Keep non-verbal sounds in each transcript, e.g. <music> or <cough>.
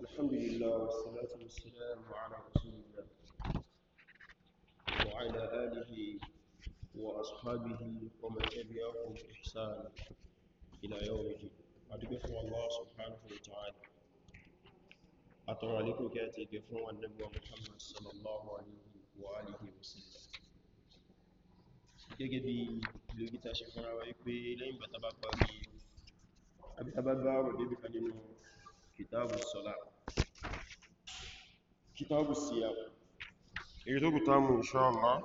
الحمد لله والصلاة والسلام على رسول الله وعلى آله وأصحابه ومن تبعهم بإحسان إلى يوم الدين أدبكم الله سبحانه وتعالى أطلع عليكم كاتي قفوا النبي محمد صلى الله عليه وآله وسلم gẹ́gẹ́ bí lórí ta ṣe fọ́nra wáyé pé lẹ́yìn bàtàbà parí àbítàbà bá rọ̀ débìkan nínú kìtàbù sọ́lá kìtàbù síyà èyí tó kù táàmù inshallah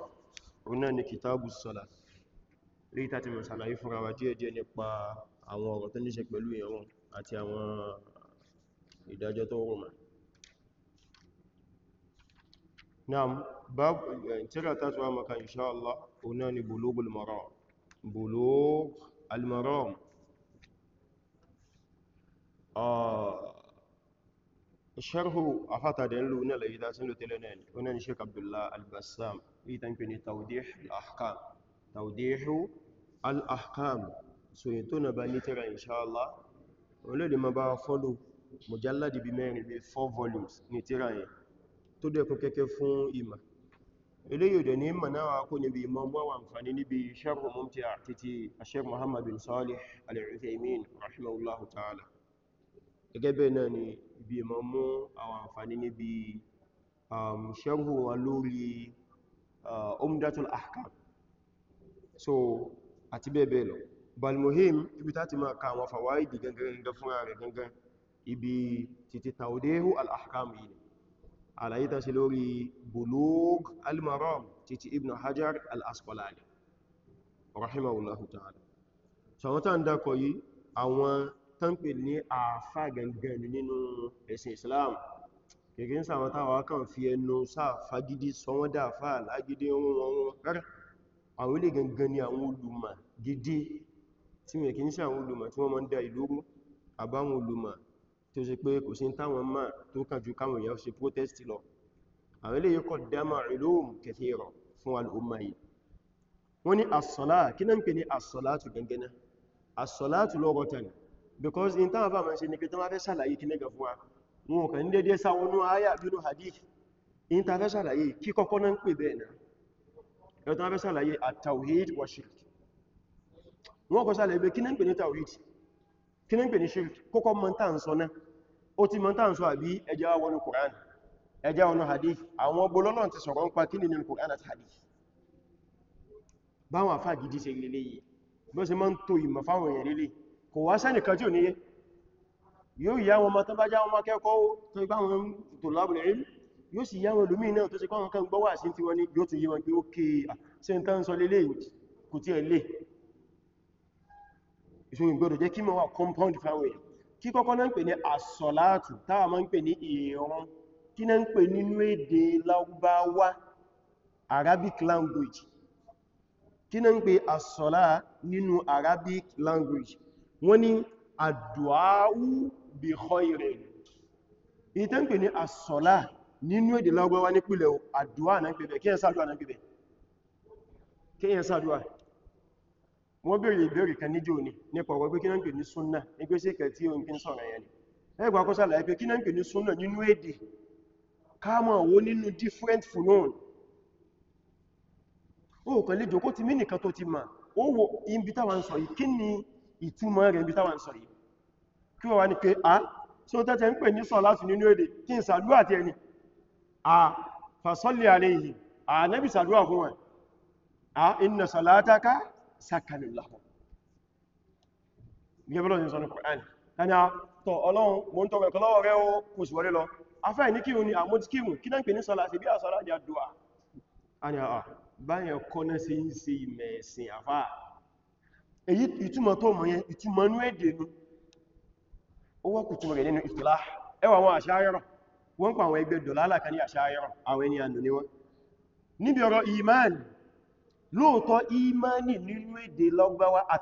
òun náà ni kìtàbù sọ́lá rí tàti mọ̀ sàlàyé fúnra wa díẹ̀ díẹ̀ nípa àwọn ọ̀rọ̀ tó níṣe pẹ̀lú ìrun àti àwọn ìdájọ́ tó rọ̀ mọ́ Naam, bab eh, tírà ta tuwa maka insha Allah, ni Bulugh al ah, sharhu a fata da yin luna lai da sun lutile ne wannan Sheikh Abdullah Al-Bassam ita nke ne tawdih al-ahkam tawdihu al-ahkam so yin tona ba ni tira insha Allah wọ́n lè ma bá follow mujalladi bí mẹ́rin bí 4 volumes ní tira yẹn tó dẹ̀ kún kẹ́kẹ́ fún ìmà ilé yóò dẹ̀ ní ìmà náà kó níbi ìmọ̀ mọ́ wà nfàní níbi sharhu mumtia titi a Sheikh Muhammad Salih Al-Uthaymeen rahimahullahu ta'ala gẹ́gẹ́ bẹ́ẹ̀ náà ni ibi ìmọ̀ mú àwọn àǹfàní níbi um, ṣẹ́rù wa lórí uh, umdatul ahkam so àti bẹ́ẹ̀ bẹ́ẹ̀ lọ balmuhim ibi tá ti máa ka àwọn fàwáìdì gangan fúnra rẹ̀ gangan ibi titi taudehu al-ahkam yìí àlàyé ta sí lórí bulugh al-maram titi ibn hajar al rahimahullahu ta'ala tán pè ní àfà gangan nínú ẹ̀sìn Islam kìkín sàwọn táwọn kan fi ẹnu sáàfà gidi sọwọ́n dáfà lágídé wọn wọn rẹ̀ àwọn ilé gangan ni àwọn olùmọ̀ gidi tí mẹ̀kí ń sàwọn olùmọ̀ tí wọ́n mọ́ ń da ìlúrú àbáwọn olùmọ̀ tó ṣe pé kò sí táwọn máa tó kàn ju káwọn èèyàn ṣe protest lọ àwọn ilé yíkọ̀ dámà ìlúùm kẹfẹ́rọ fún al'umma because in tánwà bá ma ṣe ní pé tán wá fẹ́ sàlàyé kí nẹ́gà fún wa wọn kàn ní dédé sáwọnú ayà bínú hadith in ta fẹ́ sàlàyé kí kọ́kọ́ náà ń pè bẹ́ẹ̀ náà yọ tán fẹ́ sàlàyé at-tawhid wa shirk wọn kọ́ sàlàyé pé kí ní pè ní tawhid kí ní pè ní shirk kọ́kọ́ mọ́ tán sọ náà ó ti mọ́ tán sọ àbí ẹjá wọnú Qur'an ẹjá wọnú hadith àwọn ọgbọ́lọ́nà ti sọ̀rọ̀ ń pa kí nínú Qur'an àti hadith báwọn àfáà gidi ṣe lélẹ́yìí bó ṣe máa ń to ìmọ̀ fáwọn èèyàn lélẹ́yìí kò wá sẹ́nìkan tí ò níye yóò yá wọn ma tán bá já wọn ma kẹ́kọ́ tó igbá wọn tó lábùlẹ̀ rí yóò sì yá wọn lómí náà tó sì kọ́ kan gbọ́ wà sí ti wọn ni yóò tún yí wọn pé ó kí ṣe ń tán sọ lélẹ̀ kò tí ẹ lè Arabic language kí náà ń pè Arabic language wọ́n ní àdùáwú bí khairin èyí tẹ́ ń pè ní àsọ̀lá nínú èdè lágbàwá ní pìlẹ̀ àdùá náà pẹ̀bẹ̀ kí ẹ sáàdùá náà pẹ̀bẹ̀ kí ẹ sáàdùá wọ́n bèèrè ìbéèrè kan níjò ní nípa ọ̀rọ̀ pé kí náà ń pè ní súnnà ní pé sí kẹ̀ tí ó ni ẹgbà kó sàlàyé pé kí náà ìtumọ̀ rẹ̀ ibi táwọn sọ yìí kí wọ́n wá ní pé a tí ó tẹ́tẹ́ ń pè ní sọ láti nínú èdè kí n sàdúrà àti ẹni a fasalli alayhi a nẹ́bì sàdúrà fún a inna salataka sakanun lahum báyẹ̀ kọ́nà ń ṣe ìmẹ̀ẹ̀sìn àfáà èyí ìtumọ̀ tó mọ̀ yẹn ìtumọ̀ ní èdè ní ó wọ́n kù túnmọ̀ rẹ̀ nínú istilah ẹwà wọn wọ́n pa àwọn ẹgbẹ́ dọ̀lálà alaka ní àṣáyọ́rọ̀ àwọn ẹni ànà ni wọ́n níbi ọ̀rọ̀ ìmáàni lóòtọ́ nínú èdè lọ́gbáwá a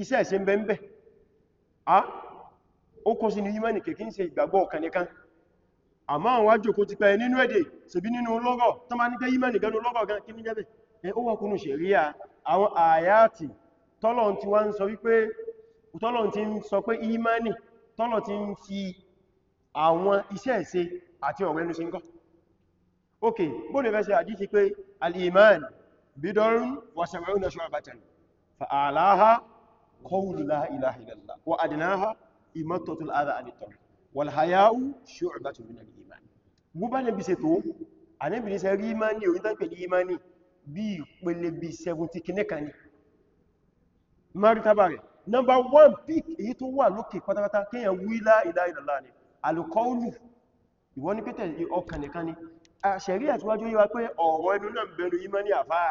iṣẹ́ a ó kó sí ní imani kèkí ń ṣe ìgbàgbọ́ ọ̀kan nìkan àmọ́ àwọn wájú kó ti pẹ́ nínú èdè ṣebí nínú lọ́rọ̀ tó máa ní pé imani gẹ́nu lọ́rọ̀ gan kí ní jẹ́bẹ̀ ẹ ó wà kúnnù ṣẹ̀ríà àwọn àyàtì tọ́lọ̀ ti wá ń sọ wípé tọ́lọ̀ ti ń sọ pé imani tọ́lọ̀ ti ń fi àwọn iṣẹ́ ìṣe àti ọ̀rọ̀ ẹnu ṣe ń kọ́ ok bóde fẹ́ ṣe àdíṣi pé al-iman bidorun wa قول لا إله إلا الله وأدناها إمطة الأذى عن الطريق والحياء شعبة من الإيمان مبانا بيسيتو أنا بيسا ريماني وإذا كان إيماني bí ìpele bí 70 kìnnẹ́kà ní maritabare number one pick èyí tó wà lókè pátápátá kíyàn wílá ìlà ìlàlá ni alukọ́ọ̀lù ìwọ́n ní pétẹ̀ ọkàn nìkan ni a ṣẹ̀rí àtiwájú yíwa pé ọ̀rọ̀ ẹnu náà bẹnu yí mọ́ ní àfáà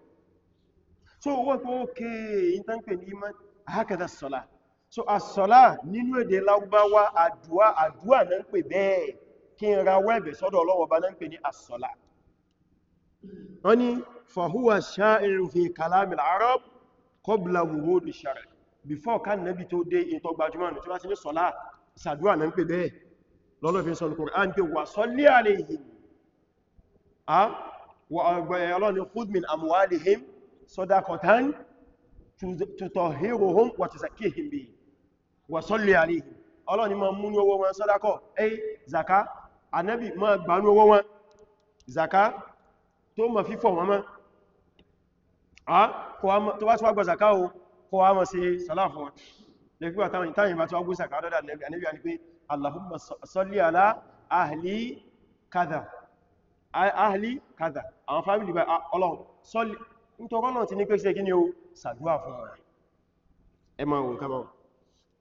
so wọ́n pé ókè ìtànkpẹ̀ ní iman hakada sọ́lá so asọ́lá nínú èdè lágbàwá àdúwà àdúwà na ń pè bẹ́ẹ̀ kí n ra wẹ́bẹ̀ sọ́dọ̀ ọlọ́wọ́ bá na ń pè ní asọ́lá wọ́n ni fahuwa sha'iru fi kalamil arab qabla wurudi shari before kan nabi tó dé in tó gbajúmọ̀ nù tí wá sí ní sọ́lá sàdúwà na ń sọ́dákọ̀tán tutọ̀híròhún wà ti sàkíhìn bí wà sọ́lẹ̀ àríhìn ọlọ́ni ma mú ní owó wọn sọ́dákọ̀ ẹ́ zaka anábì ma gbà ní owó wọn zaka tó ma fífọ̀ wọn mọ́ tó bá tíwá gbà zaka o kó wá mọ́ sí sàláfọ́ lẹ́gbẹ́ àtàwọn ìtàyìn bá tíwá gbé zaka dọ́dà anábì a ní pé allahumma salli ala ahli kada ahli kada àwọn fámìlì bá ah, ọlọ́run nítorí ọ̀nà ti ní pé ṣe kí ni ó sàdúwà fún wọn ẹmọ ohun kama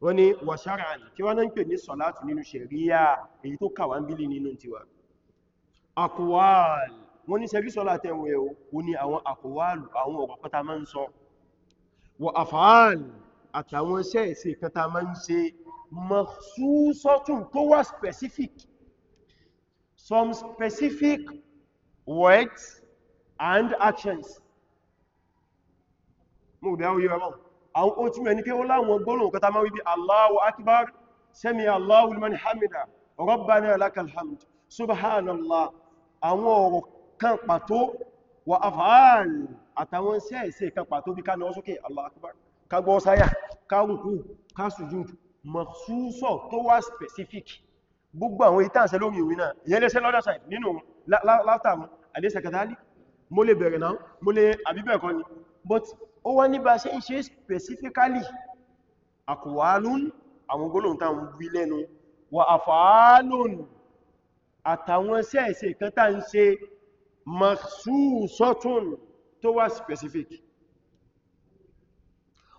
wọ́n ni wàṣára ní kí wọ́n ń pè ní sọ̀látù nínú ṣẹ̀ríyà èyí tó kàwà ń bílì nínú tiwa akwal wọ́n ni ṣẹ̀rí sọ̀látù ẹ̀wẹ̀ o ní àwọn akwal àwọn ọ̀rọ̀ kọta máa ń sọ wà afal àtàwọn iṣẹ́ ìṣe kọta máa ń ṣe mahsusotun tó wà specific some specific words and actions mo gbẹ̀ àwọn yíwa mọ́ àwọn ó túnmọ̀ ní pé ó láwọn gbólóhùn kọta máa wípé Allahu akbar sami Allahu liman hamida rabbana lakal hamd subhanallah àwọn ọ̀rọ̀ kan pàtó wa af'al àtàwọn sẹ́ẹ̀sẹ̀ kan pàtó bí ká náà sókè Allahu akbar ká gbọ́ sáyà ká rùkú ká sùjúd makhsuso tó wá specific gbogbo àwọn ìtànṣẹ́ lórí ìwé náà ìyẹn lẹ́sẹ̀ lọ́dọ̀ side nínú látàrún àdésẹ̀kàtàlì mo lè bẹ̀rẹ̀ náà mo lè àbíbẹ̀ẹ̀kọ́ ni but ó wá ní bá ṣe ń ṣe specifically àkùwálún àwọn gbólóhùn tá ń wí lẹ́nu wà àfàálùn àtàwọn sẹ́ẹ̀sẹ̀ kan tá ń ṣe maksusotun tó wá specific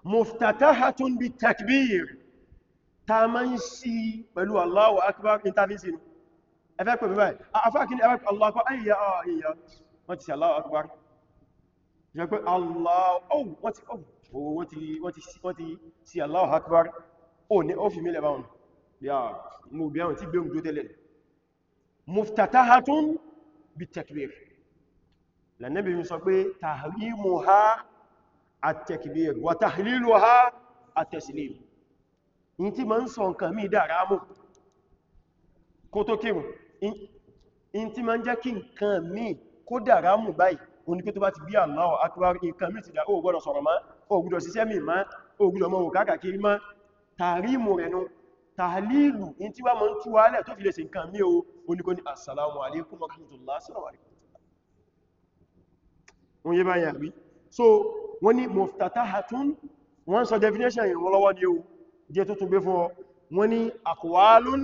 muftatahatun bi takbir ta ma ń sí pẹ̀lú Allahu akbar intervention ẹfẹ́ pẹ̀lú báyìí afákin ẹfẹ́ Allahu akbar ayyá ayyá wọ́n ti sí Allahu akbar jẹ́ pé Allahu akbar ó ní ó fi mílẹ̀ báhùn mú bí àwọn tí gbé òmìnirò tẹ́lẹ̀ muftatahatun bi takbir lànẹ́bí sọ pé tahrimuha at-takbir wa tahliluha at-taslim in ti ma ń sọ nǹkan mí dára mú kó tó kírùn in ti ma ń jẹ́ kí nǹkan mí kó dára mú báyìí oníkẹ́ tó bá ti bí Allahu Akbar nǹkan mí ti dá ó gbọ́dọ̀ sọ̀rọ̀ má ó gbọ́dọ̀ ṣiṣẹ́ mì má ó gbọ́dọ̀ mọ́ òkàkàkiri má tàrímù rẹ̀ nú tàhálìlù in tí wá mọ́ ń túwá lẹ̀ tó fi lè ṣe nǹkan mí o oníkọ́ ni assalamu alaikum wa rahmatullah assalamu alaikum wọ́n so wọ́n ni muftatahatun wọ́n sọ definition yìí lọ́wọ́ ni o jẹ́ tó tún gbé fún ọ ni aqwalun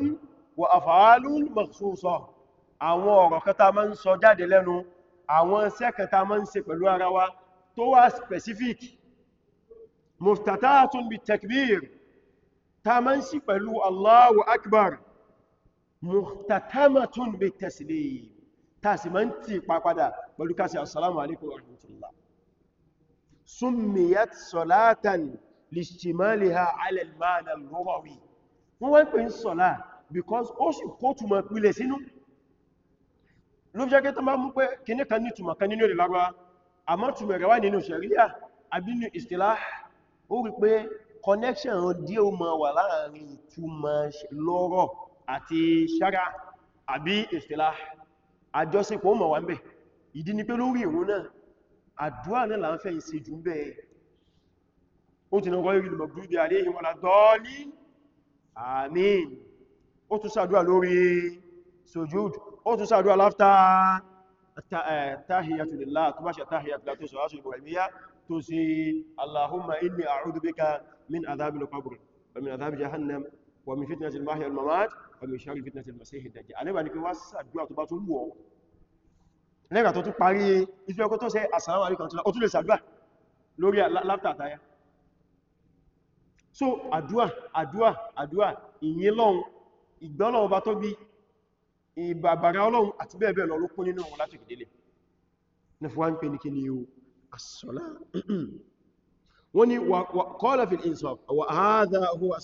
wa af'alun makhsusa àwọn ọ̀rọ̀ kẹta máa ń sọ jáde lẹ́nu àwọn sẹ́kẹta mọ́ ń ṣe pẹ̀lú ara wa tó wá specific muftatatun bi takbir ta mọ́ ń sí pẹ̀lú Allahu akbar muftatamatun bi taslim ta sì mọ́ ń ti papadà pẹ̀lú kásì assalamu alaikum wa rahmatullah summiyat salatan lishtimaliha ala wọ́n wọ́n pè ń sọ́lá because ó sì kó túnmọ̀ pílẹ̀ sínú ló fi ṣẹ́kẹ́ tó máa mú pé kíní kan ní túmọ̀ kan nínú èdè lágbà àmọ́ túmọ̀ rẹ̀ wà nínú ṣẹ̀ríyà àbí nínú istilah ó rí pé connection díẹ̀ ó máa wà láàrin túmọ̀ lọ́rọ̀ àti ṣára àbí istilah àjọsípò mọ̀ wà ń bẹ̀ ìdí ni pé lórí ìrún náà àdúrà náà là ń fẹ́ ìṣe jù ń bẹ̀ ó ti ó tún ṣàdúrà láftà tàhíyàtùlélá tó bá ṣe tàhíyàtùlá tó sọ aṣòrò ìbòrìmíyà tó sí allahumma inni a'udhu bika min adhabil qabr wa min adhabi jahannam wa min fitnatil mahya wal mamat wa min sharri fitnatil masihid dajjal aleba ni pé wá ṣàdúrà tó bá tún wù ọ́ lẹ́gbà tó tún parí ìfẹ́ ọkọ́ tó sẹ assalamu alaikum tó tún lè so àdúà àdúà àdúà ìyìn lọ́un ìgbọ́lọ́wọ́ tó bí ìbàbàrá ọlọ́run àti bẹ́ẹ̀bẹ́ẹ̀ lọ ló kún nínú wọn láti ìdílé ní fún wá ń pè ní kí ni o as-sala <clears throat> wọ́n ni qala fil insaf wa hadha huwa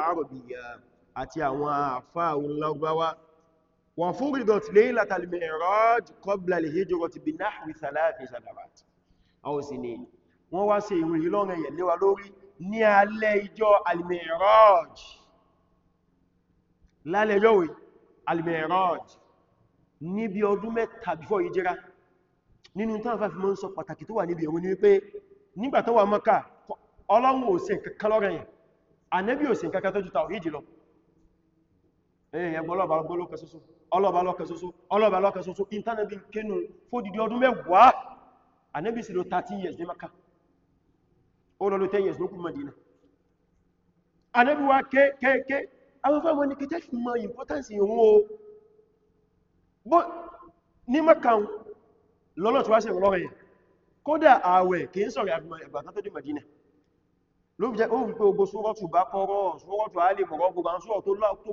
arabiyya àti àwọn àfáà lárúbáwá وفرضت ليلة المعراج قبل الهجرة بنحو ثلاث سنوات أو سنين wọ́n wá ṣe ìwé ìlọ́rin yẹ̀ léwa lórí ní alẹ́ ìjọ́ almiraj lálẹ́ yọ́wé almiraj ní bí ọdún mẹ́ta before ìjírá nínú tán fàfí mọ́ ń sọ pàtàkì tó wà níbi ní wípé nígbà tó èèyàn gbọ́lọ́bà lọ́kẹ́ ṣoṣo ọlọ́bà lọ́kẹ́ ṣoṣo ọlọ́bà lọ́kẹ́ ṣoṣo ìntánẹ́bí kínú fódìdí ọdún mẹ́wàá anẹ́bí sí lọ 30 years ní maka ó lọ lọ 10 years lókùn Madina anẹ́bí wá kéèkéé àwọn fẹ́wọ́n ni kẹtẹ́ fi mọ importance ìhun o bó ní maka lọ́lọ́ tí wá sí ìrọ̀lọ́rẹ̀ kódà ààwẹ̀ kìí sọ̀rọ̀ àgbàtà tó dé Madina ló fi jẹ́ ó fi pé ogbó sórọ́tù bá kọ́rọ̀ sórọ́tù alì mọ̀rọ̀ gbogbo àwọn sórọ̀ tó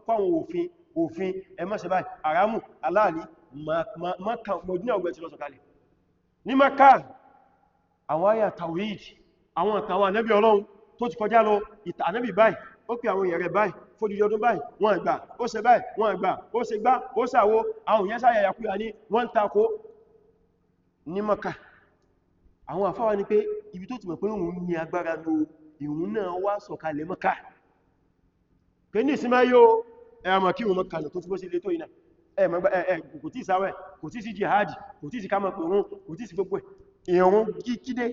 kọ́wọ̀n òfin òfin ẹmọ́sẹ̀ báyìí àrámù aláàní maka mọ̀dúnà ọgbẹ̀ ti tawhid àwọn àtàwọn ànábì ọlọ́run tó ti kọjá lọ ìtà ànábì báyìí ó pè àwọn èèyàn rẹ̀ báyìí fójúdí ọdún báyìí wọ́n gbà ó ṣe báyìí wọ́n gbà ó ṣe gbá ó sàwó àwọn èèyàn sáyẹ̀yà kúrò ní wọ́n ń takò ní agbára lóòrùn ìrun náà wá sọ̀kalẹ̀ Mákà pé ní ìsinmá yóò ẹ̀mà kí òun Mákà tó túbọ́ sí ilé tó iná kò tí ìsáwẹ̀ kò tí sí jihadi kò tí sí kama pẹ̀rún kò tí sí gbogbo ìrun kíkídé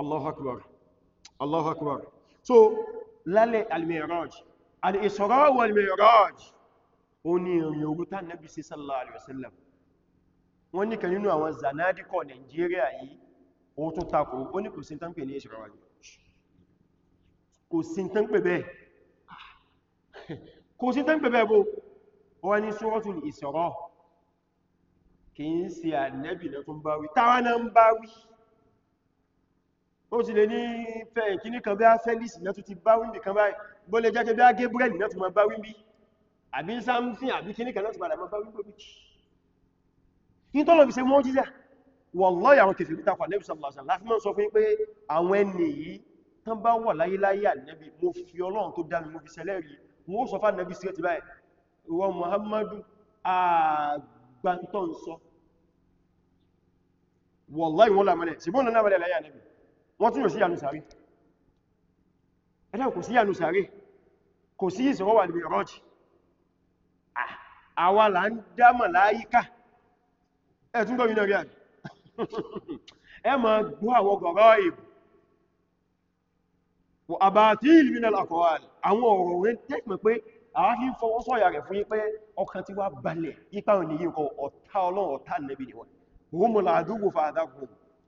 Allahu Akbar Allahu Akbar so lálẹ́ al-Mi'raj al-Isra wal-Mi'raj ó ní ìrìn òru tá Nábì sallallahu alaihi wasallam wọ́n ní kan nínú àwọn zanadikọ̀ Nàìjíríà yìí ó tún takò ó ní kò sí tán pè ní ìṣẹ̀rọ̀wà ní kò sí tán pè bẹ́ẹ̀ <laughs> kò sí tán pè bẹ́ẹ̀ bó wọ́n ni suratul Isra kì í ṣe ànẹ́bì náà tún bá wí táwa náà ń bá wí ó ti lè ní fẹ́ ìkíní kan bí a felix náà tún ti bá bí kan báyìí bó lè jẹ́ bí a Gabriel náà tún ma wallahi àwọn kèfèrí tàkọ ànẹ́bì sallallahu alaihi wasallam láti mọ́ sọ fún pé àwọn ẹni yìí tán bá wà láyé láyé ànẹ́bì mo fi ọlọ́run tó dá mi mo fi sẹlẹ́rì wọ́n sọ fún ànẹ́bì sí ẹ̀tì báyìí wọ́n muhammadu àgbàntọ́ ń sọ wallahi wọ́n lámọ́lẹ̀ sí bọ́n náà láyé ànẹ́bì wọ́n tún yóò sí yanu sáré ẹ̀dá ẹ̀tún gbọ́mìnà rí àgbà <laughs> ẹ ma gbọ́ àwọn gọ̀rọ̀ ìbù àbàtí ìlúmínà àkọwàl àwọn ọ̀rọ̀ rẹ̀ tẹ́kùn pé àáfí fọwọ́ sọ̀yà rẹ̀ fún yí pé ọkàn ti wá balẹ̀ ipa òní yí kọ ọ̀tá ọlọ́run ọ̀tá nẹ́bí ni wọ́n húnmùlà àdúgbò fàádákù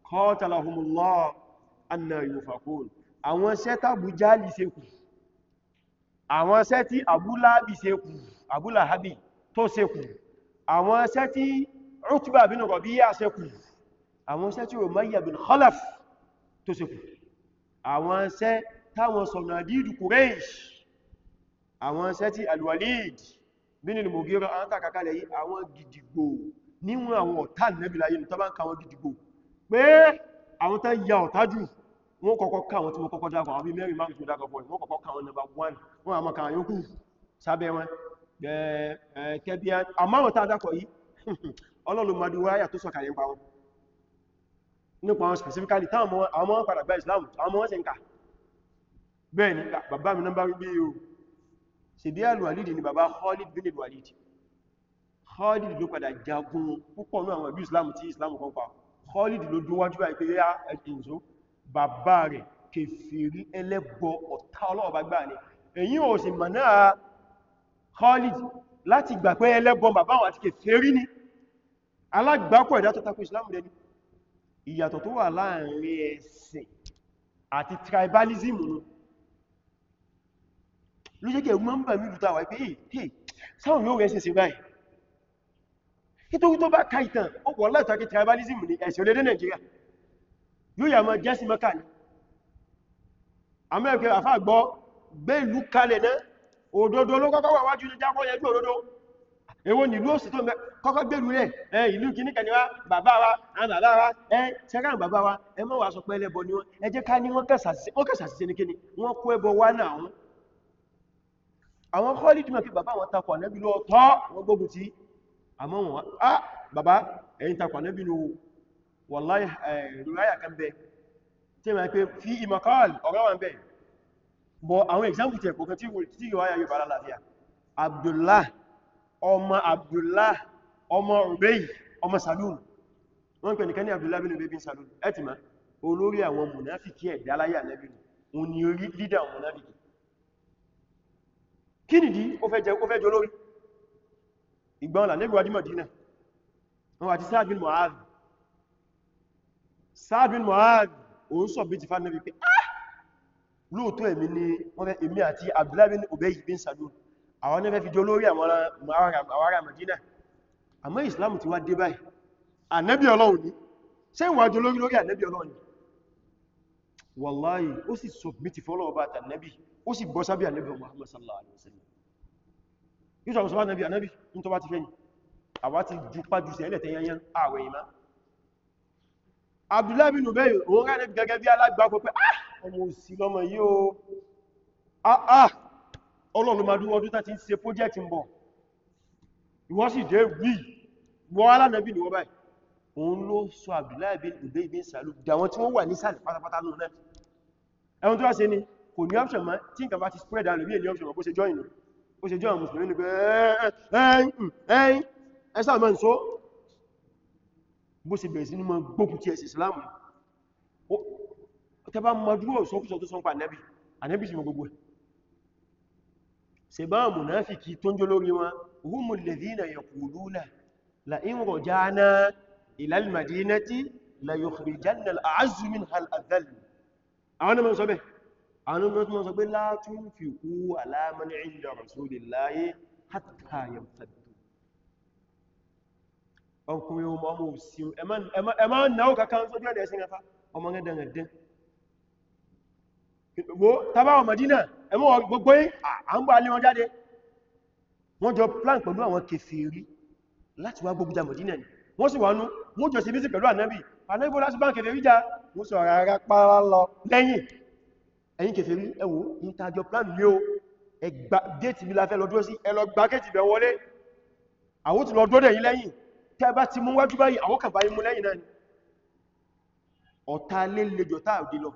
kọ́tàlá húnmùlọ́ anna yufakun àwọn iṣẹ́ tábù jáàlì ṣe kù tí abúláàbì ṣe kù abúláàbì tó ṣe kù àwọn iṣẹ́ tí Umayya bin Khalaf tó ṣe kù àwọn iṣẹ́ táwọn sọ̀nàdídù Quraysh àwọn iṣẹ́ tí Al-Walid bin al-Mughira an tàkàkalẹ̀ yìí àwọn gidigbo níwọ̀n àwọn ọ̀tá Ànábì láyé tó bá ń ka gidigbo pé àwọn tán ya ọ̀tá jù wọ́n kọ́kọ́ ká tí wọ́n kọ́kọ́ <laughs> nípa àwọn specifically táwọn àwọn padà gba Islam àwọn wọ́n sì ń ká bẹ́ẹ̀ ni bàbá mi nọ́mbà wípé o ṣe bí alwalid ni bàbá Khalid bin alwalid Khalid ló padà jagun púpọ̀ ní àwọn ìlú Islam tí Islam kan pa Khalid ló dún wájú àìpé yá ẹ̀kìnzó bàbá rẹ̀ kèfèrí ẹlẹ́bọ ọ̀tá ọlọ́ọ̀bá gbà ní ẹ̀yìn ò sì mọ̀ná Khalid láti gbà pé ẹlẹ́bọ bàbá wọn àti kèfèrí ni alágbàkọ̀ ẹ̀dá tó tako Islam dẹni ìyàtọ̀ tó wà láàrin ẹ̀sìn àti tribalism nù ló jẹ́ kí ẹ̀rù máa ń wà pé hey sáwọn yóò rẹ̀ ṣe sí báyìí nítorí tó bá ká ìtàn ó pọ̀ látàkì tribalism ní ẹ̀sìn olédé Nàìjíríà yóò yà máa jẹ́sí mọ́kà ní amẹ́rẹ̀kẹ́ àfáà gbọ́ gbé ìlú kalẹ̀ náà òdodo ló kọ́kọ́ wà wájú ní jákọ́ yẹjú òdodo èwo nílùú òsì tó kọ́kọ́ gbèrú rẹ̀ ẹ ìlú kìíní kan ni wá baba wa àwọn bàbá wa ẹ sẹ́ràn bàbá wa ẹ mọ́ wà sọ pé ẹlẹ́bọ ni wọ́n ẹ jẹ́ ká ní wọ́n kẹsàṣìṣẹ́ ní kíni wọ́n kó ẹbọ wá náà wọn àwọn kọ́lì tí mọ̀ baba, bàbá wọn takọ̀ ànẹ́bí lọ tọ́ wọn gbógun ti àmọ́ wọn á bàbá ẹ̀yìn takọ̀ ànẹ́bí lọ wàláhì ẹ̀rùráyà kan bẹ tí ma pé fi ìmọ̀kọ́l ọ̀rọ̀ wọn bẹ bọ̀ àwọn example tẹ̀kọ̀ kan tí yíò ayayọ bàrá láfíà Abdullah ọmọ abdullah ọmọ ubayy ọmọ salun wọ́n pè nìkan ní abdullah bin ubayy bin salun ẹtìmá olórí àwọn mùnáfíkì ẹ̀dá láyé ànábì òun ni orí lídà àwọn mùnáfíkì kí nìdí ó fẹ́ jẹ ó fẹ́ jẹ olórí ìgbọ́n là nígbà wájú Mádínà wọn àti Sa'd bin Mu'adh Sa'd bin Mu'adh òun sọ bí ti fánàbí pé ah lóòótọ́ èmi ni wọ́n fẹ́ èmi àti abdullah bin ubayy bin salun àwọn náà fẹ́ fi jọ lórí àwọn ará Madina àmọ́ Islam ti wá dé báyìí ànábì Ọlọ́run ni ṣe ń wájọ lórí lórí ànábì Ọlọ́run ni wallahi ó sì submiti fọ́lọ́wọ́ bá tànábì ó sì bọ́ sábí ànábì Muhammad sallallahu alaihi wasallam yóò sọ àwọn ànábì ànábì ní tó bá ti fẹ́ ni àwa ti ju pájú sí ẹlẹ́tẹ̀ yanyan ààwẹ̀ ìmá Abdullahi bin Ubay òun rẹ̀ gẹ́gẹ́ bí alágbàkọ pé ah ọmọ òsì lọmọ yìí o ah ah ọlọ́run ma dúró ọdún tàbí ṣe project ń bọ̀ ìwọ sì dé rí wọ́n alánàbí ni wọ́n báyìí òun ló sọ Abdullahi bin Ubay bin Salul dàwọn tí wọ́n wà nísàlẹ̀ pátápátá lónà ẹ̀wọ̀n tó wá ṣe ni kò ní option mọ́ tí nǹkan bá ti spread out lórí ènìyàn option mọ́ bó ṣe join bó ṣe join mùsùlùmí ni pé ẹ̀yìn ẹ̀sà mọ́ ìṣó bó ṣe bẹ̀rẹ̀ sí ní mọ́ gbókùn tí ẹ̀sìn Islam tẹ́bá mọ́ dúró sọ́kùsọ́ tó sọ́npa ànẹ́bì ànẹ́bì sì mọ́ gbogbo ẹ̀ سبا منافقي تنجلوريما هم الذين يقولون لئن رجعنا إلى المدينة ليخرجن الأعز منها الأذل أنا من صبه أنا من صبه لا تنفقوا على من عند رسول الله حتى يمتد أوكو يوم أمو سيو أما أما أما أما أما أما أما أما أما أما أما أما ẹmú gbogbo yí à ń bá alé wọn jáde wọ́n jọ plan pẹ̀lú àwọn kèfèrí láti wá gbogbo jàmọ̀ dínà ni wọ́n sì wánú wọ́n jọ sí bí sí pẹ̀lú ànábì ànábì láti bá ń kèfèrí já wọ́n sọ rárá pàrá lọ lẹ́yìn ẹ̀yin kèfèrí ẹ wò ń tajọ plan lé o ẹgbà déètì bí la fẹ́ lọ dúró sí ẹ lọ bẹ̀ wọlé àwọn tí lọ dúró dẹ̀yìn lẹ́yìn tẹ́ bá ti mú wájú báyìí àwọn kàbá imú lẹ́yìn náà ni ọ̀tá lé lejò táà dé lọ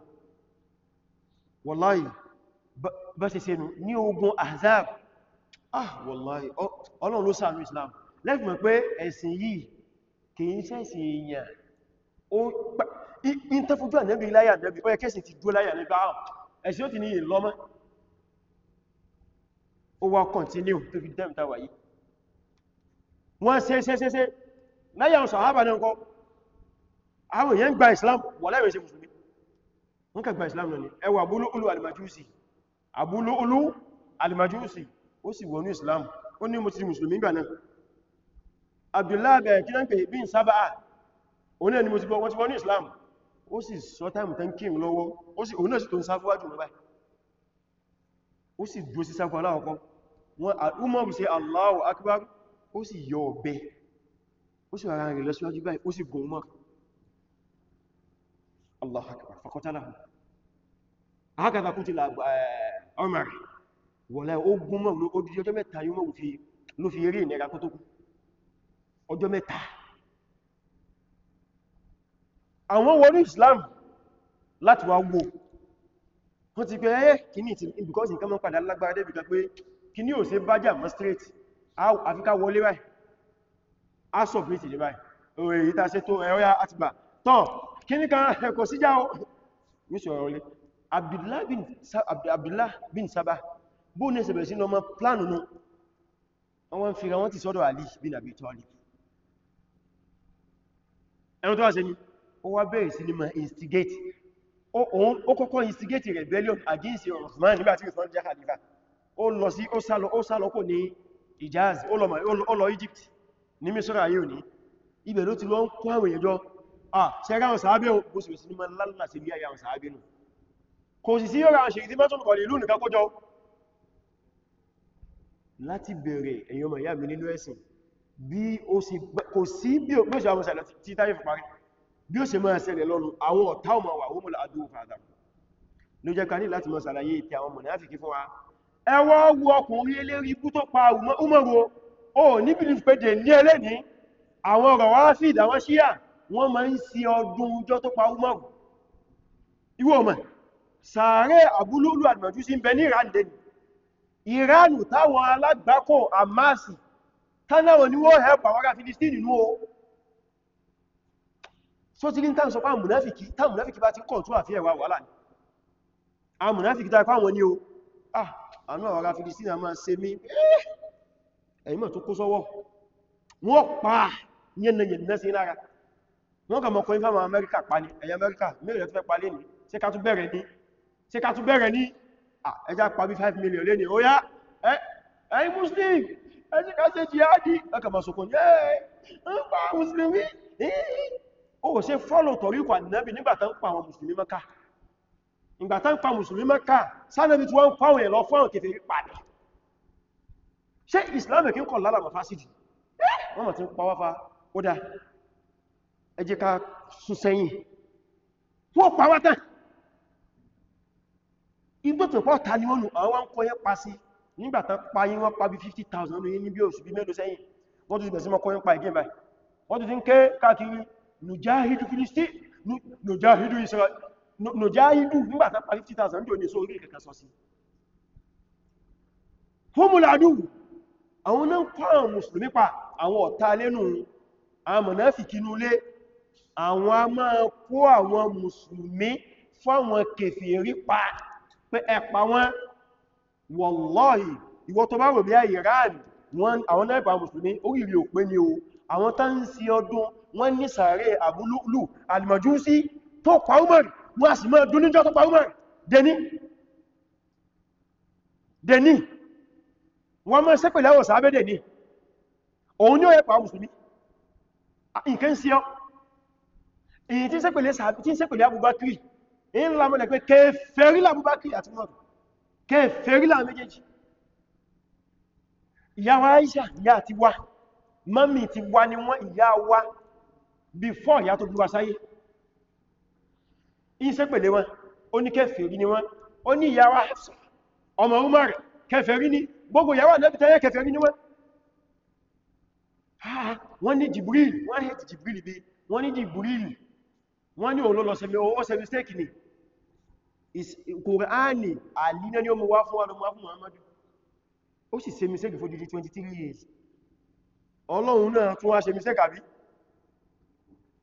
wọ́láyìí bá ṣe ṣe ní ogun Ahzab ah wallahi ọlọ́run ló ṣàánú Islam lẹ́fì mọ̀ pé ẹ̀sìn yìí kìí ṣẹ̀sìn èèyàn ó ìntẹ́fojú ànẹ́bì láyà ànẹ́bì ó yẹ kẹ́sìn ti dúó láyà ànẹ́bì àwọn ah, ẹ̀sìn ó ti ní ìlọ́mọ́ ó wá kọ̀ntínú tó fi dẹ́mta wà yìí wọ́n ṣe ṣe ṣe ṣe láyà àwọn sàhábà náà kọ́ àwọn èèyàn gba Islam wọ́n láyà ṣe mùsùlùmí wọ́n kà gba Islam náà ni ẹwà búlú olùwàlùmájúsì Abu Lu'lu al-Majusi ó sì wọnú Islam ó ní mùsùlùmí mùsùlùmí gbà náà Abdullah bẹ̀rẹ̀ kí náà pè bí n sábàá ó ní ẹni mùsùlùmí wọ́n ti wọnú Islam ó sì sọ táìmù tán kí lọ́wọ́ ó sì òun tó ń sáfúwájú mọ́ báyìí ó sì dúó sí sáfú aláwọ̀kọ́ wọn àdúmọ̀rù sí Allahu Akbar ó sì yọ ọ̀bẹ Umar wọ̀lá ogun mọ̀ ló odidi ọjọ́ mẹ́ta yóò mọ̀ ló fi rí ìnira kó tó kú ọjọ́ mẹ́ta àwọn wọnú Islam láti wá wò wọ́n ti pé ẹ́ kìíní ti because nǹkan mọ́ padà lágbára débi kan pé kìíní ò ṣe bájà mọ́ straight Áfíríkà wọlé báyìí aṣọ fèsì lè báyìí òye ìta ṣe tó ẹ̀rọ àtìgbà tán kìíní kan ẹ̀kọ́ síjá ó abdullah bin abdullah bin sabah bó ní ẹsẹ̀ bẹ̀rẹ̀ sí ọmọ plánù nù wọ́n ń fira wọ́n ti sọ́dọ̀ ali bin abi talib ẹnu tó wá ṣe ní ó wá bẹ̀rẹ̀ sí ní ma instigate ó kọ́kọ́ instigate rebellion against Uthman nígbàtí Uthman jẹ́ khalifa ó lọ sí ó sálọ ó sálọ kò ní Hijaz ó lọ Egypt ní Misra yóò ní ibẹ̀ ló ti lọ ń kọ́ àwọn èèyàn jọ ah ṣẹ́ráwọn sàábẹ́ bó sì sí ní ma lálàsí ilé ayáwọn sàábẹ́ náà kò sì sí yọ́ra àwọn ṣèkìtí bá tún kọ̀ lè lónìí kakójọ láti bẹ̀rẹ̀ ẹ̀yin ọmọ ìyá mi nínú ẹ̀sìn bí ó sì kò sí bí ó ṣe àwọn ìṣẹ̀lẹ̀ tí táyé fi parí bí ó ṣe máa ṣẹlẹ̀ lọ́nu àwọn ọ̀tá ọmọ wà ó múlá adó fàdà ló jẹ́ ká láti máa ṣàlàyé ìtì pa Umaru ó níbi ní pé dè ní ẹlẹ́ni àwọn ọ̀rọ̀ wá fìdá wọn ṣíyà wọ́n máa ń ṣe ọdún sàárẹ̀ àbúlúlù àdìmọ̀júsí ń bẹ ní ìrànde ni ìránù táwọn alágbàkò àmáàsì tánáwọn ni wọ́n hẹ́pù àwọn ará filistini nú o so ti ní tàn sọ pàá mùnáfìkì tàn mùnáfìkì bá ti kọ̀ tún àfihẹ̀ wà wà ní àwọn mùnáfìkì tàà pàwọn ní o ah àánú àwọn ará filistini a máa ṣe mí eh, ẹ̀yìn mọ̀ tó kó sọ́wọ́ wọ́n pa yẹnnayẹnna sí lára wọ́n kà mọ́kànlá àwọn amẹ́ríkà pa ní ẹ̀yà amẹ́ríkà mẹ́rin tó fẹ́ pa lé ní ṣe ká tún bẹ̀rẹ̀ ní ṣe ká tún bẹ̀rẹ̀ ní ẹjá pàbí 5 million lé ní ó yá ẹ̀yí muslim ẹjí ká ṣe jihadi ẹkà máa sọkún yẹ́ ń pa muslimi ó ṣe fọ́lọ̀ tọ̀ríkọ̀ ànábì nígbàtà ń pa àwọn muslimi mọ́ká ìgbàtà ń pa muslimi mọ́ká sánàbí tí wọ́n ń pàwọn ẹ̀lọ fún àwọn kèfèrí padà ṣe islam kí ń kọ̀ lálàmà fásitì wọ́n mọ̀ tí ń pa wáfà ó dá ẹjẹ́ ká sún sẹ́yìn wọ́n pa wátàn igbó tó pọ̀ ta ni wọ́n nù àwọn ń kọ́ yẹ́ pa sí nígbàtán payín wọ́n pa bí 50,000 ní níbi oṣù bí mẹ́lò sẹ́yìn wọ́n tó ti bẹ̀sí mọ́kọ́ yẹ́ pa ìgbé báyìí wọ́n tó ti ń ké káàkiri nùjáhídù filisti nùjáhídù israel nùjáhídù nígbàtán pa 50,000 jò ní só orí kẹkẹ sọ sí fúnmùlàdù àwọn náà kọ́ àwọn mùsùlùmí pa àwọn ọ̀tá lẹ́nu àwọn mọ̀náfìkínú lé àwọn a máa kó àwọn mùsùlùmí fáwọn kèfèrí pa pé ẹ̀pà wọn wọ̀lọ́yìí ìwọ tó bá rò bí Iran wọn àwọn lẹ́bàá mùsùlùmí oríire ò pé ní o àwọn tó ń ṣe ọdún wọn ní sàárè àbúlúlù alìmọ̀júsí tó pa Umar wọ́n a sì mọ́ ọdún níjọ́ tó pa Umar dẹni dẹni wọ́n mọ́ sẹ́pẹ̀ láwọ̀ sàábẹ́ dẹni òun ní ọ̀yẹ́pàá mùsùlùmí nǹkan sí ọ èyí tí sẹ́pẹ̀lẹ́ Abubakar in la mọ́lẹ̀ pé kèfèrí l'Abubakar àti mọ́rù feri la méjèèjì ìyá wa Aisha ìyá ti wá mọ́mí ti wá ní wọ́n ìyá wa before ìyá tó bí wa sáyé iṣẹ́ pẹ̀lẹ̀ wọn ó ní kèfèrí ni wọ́n ó ní ìyá wa Hafsa ọmọ Umar kèfèrí ni gbogbo ìyá wa Ànábì tẹ́yẹ feri ni wọ́n ah, wọ́n ní Jibril wọ́n hate Jibril bí wọ́n ní Jibril wọ́n ní òun ló lọ sẹ́mi ó sẹ́mi mistake ni kòránì àlínà ni ó mú wá fún wa fún muhammadu ó sì ṣe mistake fún jùlọ 23 years ọlọ́run náà tún wá ṣe mistake àbí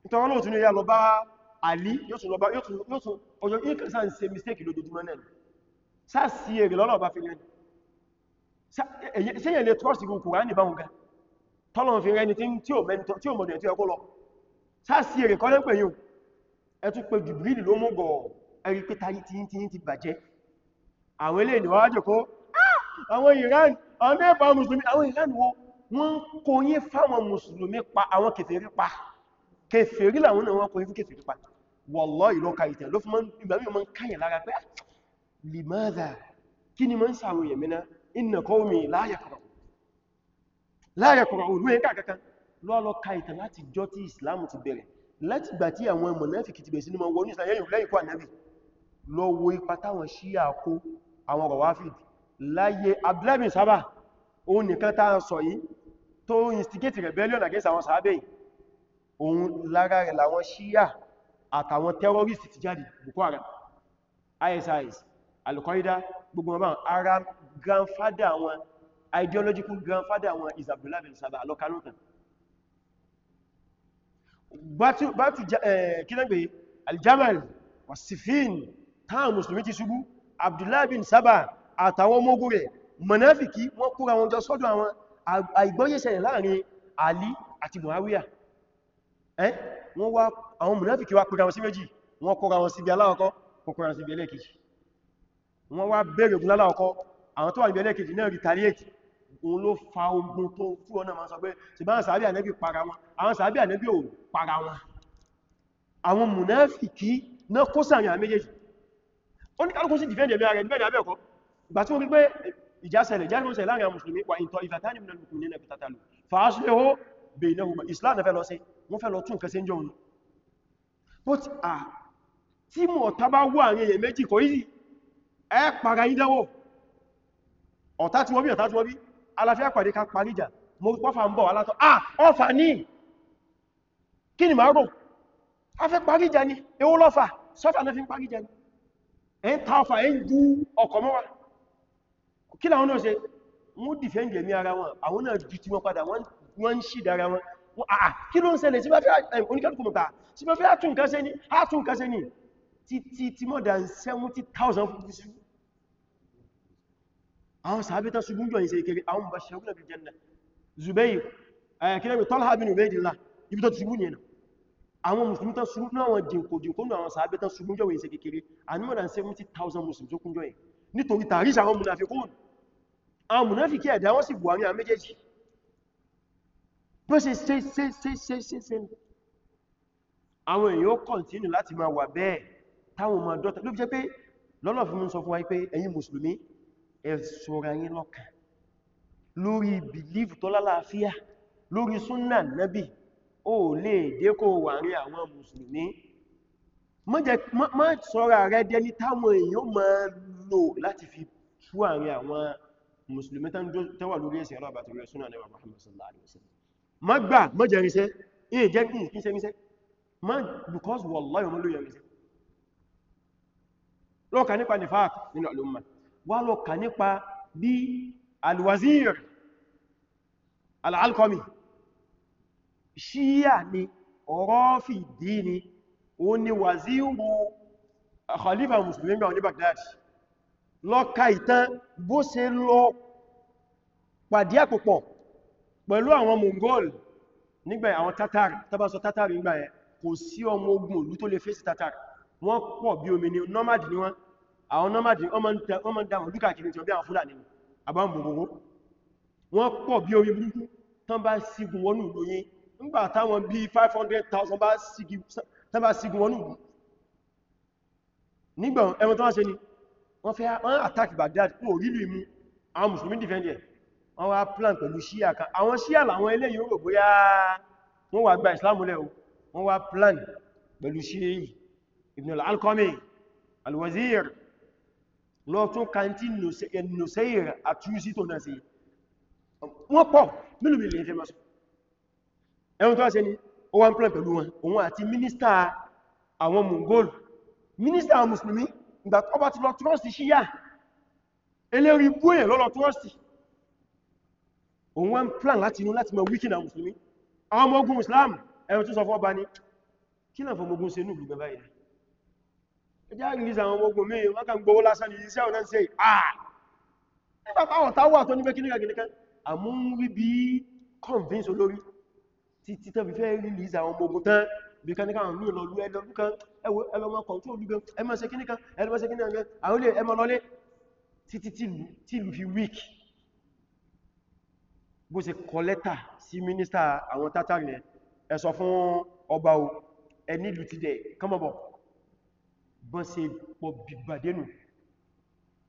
ìtọ́wọ́ náà tún ní ya lọ bá àlí yóò tún ọjọ́ ìkẹsà ń ṣe mistake lójoojúmọ́ náà sáà sí èrè lọ́lọ́ bá fi rẹ̀ ṣe yẹ̀ lè trust ìgbò kòránì báhùn ga tọ́lọ̀ fi rẹ̀ ni tí ó mẹ́ntọ́ tí ó mọ̀dẹ̀ tí ọkọ́ lọ sáà sí ẹ̀rí pé tàyí tí tí ti bàjẹ́ àwọn ilé ìwájò kó àwọn Iran àwọn mẹ́fà mùsùlùmí àwọn Iran wo wọ́n kò yí fáwọn mùsùlùmí pa àwọn kèfèrí pa kèfèrí làwọn náà wọ́n kò yí fún kèfèrí pa wallahi ló ka ìtẹ̀ ló fún ìgbàmí ma ń káyẹ̀ lára pé ah, limadha kí ni ma ń sàwọn èèyàn mìíràn inna qawmi la yaqra'un la yaqra'un olú ẹ̀ká kankan lọ́lọ́ ka ìtẹ̀ láti jọ tí gbà tí àwọn mọ̀náfíkì ti bẹ̀rẹ̀ ma wọ́n ní ìsànyẹ́yìn lẹ́yìn kó ànábì lọ wo ipa táwọn ṣíyà kó àwọn rọ̀wáfíd láyé abúlẹ́bìn sábà òun nìkan tá ń sọ yìí tó instigate rebellion against àwọn sàábẹ̀ òun lára rẹ̀ làwọn ṣíyà àtàwọn terrorist ti jáde Boko Haram ISIS Al-Qaeda gbogbo ọmọ ara grandfather àwọn ideological grandfather àwọn is Abdullah bin Saba alọ́kanútan bátù eh, kí náà gbé aljamal wasifin táwọn mùsùlùmí ti ṣubú abdullahi bin saba àtàwọn ọmọ ogun rẹ̀ mọ̀náfìkì wọ́n kóra wọn jọ sọ́dọ̀ àwọn àìgbọ́yẹ̀ṣẹ̀lẹ̀ láàrin ali àti muawiya eh wọ́n wá àwọn mọ̀náfìkì wá kóra wọn sí méjì wọ́n kóra wọn síbi aláwọ̀kọ́ kò kóra síbi ẹlẹ́ẹ̀kejì wọ́n wá bẹ̀rẹ̀ ogun láláwọ̀kọ́ àwọn tó wà níbi ẹlẹ́ẹ̀kejì náà retaliate òun ló fa ogun tó fún ọ̀nà ma sọ pé ṣe bá ń sàábí ànẹ́bí para wọn àwọn sàábí ànẹ́bí ò para wọn àwọn mọ̀náfìkì náà kó sàárín àméjèèjì ó ní kálùkù sí defend ẹ̀mí ara ẹ̀dùbẹ̀rẹ̀ abẹ́ẹ̀kọ́ ìgbà tí ó rí pé ìjásẹ̀lẹ̀ jẹ́rìmọ̀sẹ̀ láàrin àwọn mùsùlùmí wà ìntọ́ ìfàtàní mìíràn lùkù nínú ìpìtàtàlù fàásùlẹ̀hó bèèrè Islam fẹ́ lọ sí wọ́n fẹ́ lọ tún kẹsẹ̀ jọ òun but ah tí mọ̀ tàbá wà ní èyẹ méjì kò yìí ẹ para yí dáwọ́ ọ̀tá tí wọ́n bí ọ̀tá tí wọ́n bí aláfíà pàdé ká paríjà mo rí pọ́fà ń bọ̀ alátọ́ ah ọfà ní kí ni màá rò a fẹ́ paríjà ni ewó lọ́fà sọ́fà náà fi ń paríjà ni ẹ̀ ń tàfà ẹ̀ ń jú ọkọ̀ mọ́wàá kí láwọn náà ṣe wọ́n dìfẹ́ǹdì ẹ̀mí ara wọn àwọn náà jù tí wọ́n padà wọ́n ń ṣì dára wọn àà kí ló ń ṣẹlẹ̀ oníkẹ́lùkù mọ̀ta sí mọ́ fẹ́ àtúnkẹ́sẹ́ ní àtúnkẹ́sẹ́ ní títí tí mọ́ dàn 70,000 fún sí àwọn sàábítà ṣubúnjọ ìṣẹ́ ìkẹrẹ àwọn mọ̀bá ṣẹ́gùn náà bí jẹ́ àwọn musulmi tán ṣubú náà wọn jìnkò jìnkò ní àwọn sàábẹ́ tán ṣubú jọ́wọ́ ìṣẹ́ kékeré and more than 70,000 musulmi tó kún jọ́ ẹ̀ nítorí tàrí àwọn munafikun àwọn munafiki ẹ̀dá wọ́n sì buhari àwọn méjèèjì bó ṣe ṣe ṣe ṣe ṣe ṣe ṣe àwọn èèyàn kọ̀ntínú láti máa wà bẹ́ẹ̀ táwọn ọmọ dọ́ta ló fi jẹ́ pé lọ́lọ́fin mú sọ fún wa pé ẹ̀yin musulmi ẹ ṣọ́ra yín lọ́kàn lórí bìlífù tọ́lálàáfíà lórí súnnà nábì o lè dékò wà rí àwọn mùsùlùmí má sọ́ra rẹ̀ dẹni táwọn èèyàn ma lò láti fi tú àrin àwọn mùsùlùmí tó wà lórí ẹ̀sìn aláàbà tó rẹ̀ súnà ní Muhammad sallallahu alaihi wasallam má gbà má jẹrinṣẹ́ ìyẹ jẹ́ kí ìpínṣẹ́ níṣẹ́ má because wallahi ọmọ ló yẹrinṣẹ́ lọ́ọ̀kà nípa nifaq nínú al'umma wà lọ́ọ̀kà nípa bí alwazir al'alkomi ṣíyà ni ọ̀rọ̀fì dí ni ó ní wàzíru khalifa musulmi gbà ní Baghdad lọ́ka ìtàn bó ṣe lọ pàdí àpòpọ̀ pẹ̀lú àwọn Mongol nígbà àwọn Tatar tàbásọ Tatar nígbà ẹ̀ kò sí ọmọ ogun òlú tó lè fèsì Tatar wọ́n pọ̀ bí omi ni nomad ni wọ́n àwọn nomad ni wọ́n mọ́ dáwọn lúkàkiri tí wọ́n bí àwọn Fúlàní àbámbògbògbò wọ́n pọ̀ bí omi burúkú tán bá sígun wọnú ìlú yìí nígbà táwọn bí 500,000 bá sígi wọn nùgbù nígbà ẹmọ tó wá ṣe ni wọ́n fẹ́ wọ́n attack Baghdad wọ́n orílù imú àwọn musulmi defend ẹ̀ wọ́n wá plan pẹ̀lú Shia kan àwọn Shia làwọn ilé yóò bóyá wọ́n wá gba Islam lẹ́ wọ́n wá plan pẹ̀lú Shia ibn al-Alqami al-Wazir lọ tún kàntí Nusayr àtúnṣí tó náà sí wọ́n pọ̀ mílùmí lè fẹ́ mọ́sùn ẹ̀rùn tó wá ṣe ni ó wá ń plan pẹ̀lú wọn òun àti mínísítà àwọn mongol mínísítà àwọn mùsùlùmí ìgbà tó bá ti lọ trọ́ọ̀sì ṣíyà eléri ikú èyàn lọ́lọ trọ́ọ̀sì òun wá ń plan láti inú láti mọ wíkì náà mùsùlùmí àwọn ọmọ ogun islam ẹ̀rùn tó sọ fọ́ bá ní kí náà fọmọ ah nígbà táwọn táwà tó ní pé kí ní kàkìníkan convince olórí títí tán fi fẹ́ release àwọn ọmọ ogun tán bí kan níkan mí lọ lú ẹlọ́rú kan ẹlọ́mọ control lú gan ẹmọ́ ṣe kíníkan ẹlọ́mọ ṣe kíníkan gan àwọn olè ẹmọ́ lọlé títí tí lù fi weak bó ṣe kọ lẹ́tà sí mínísítà àwọn tátàrí ẹ ẹ sọ fún ọba o ẹ nílùú ti dẹ̀ kọmọ̀bọ̀ bọ́n ṣe pọ̀ bìgbàdénù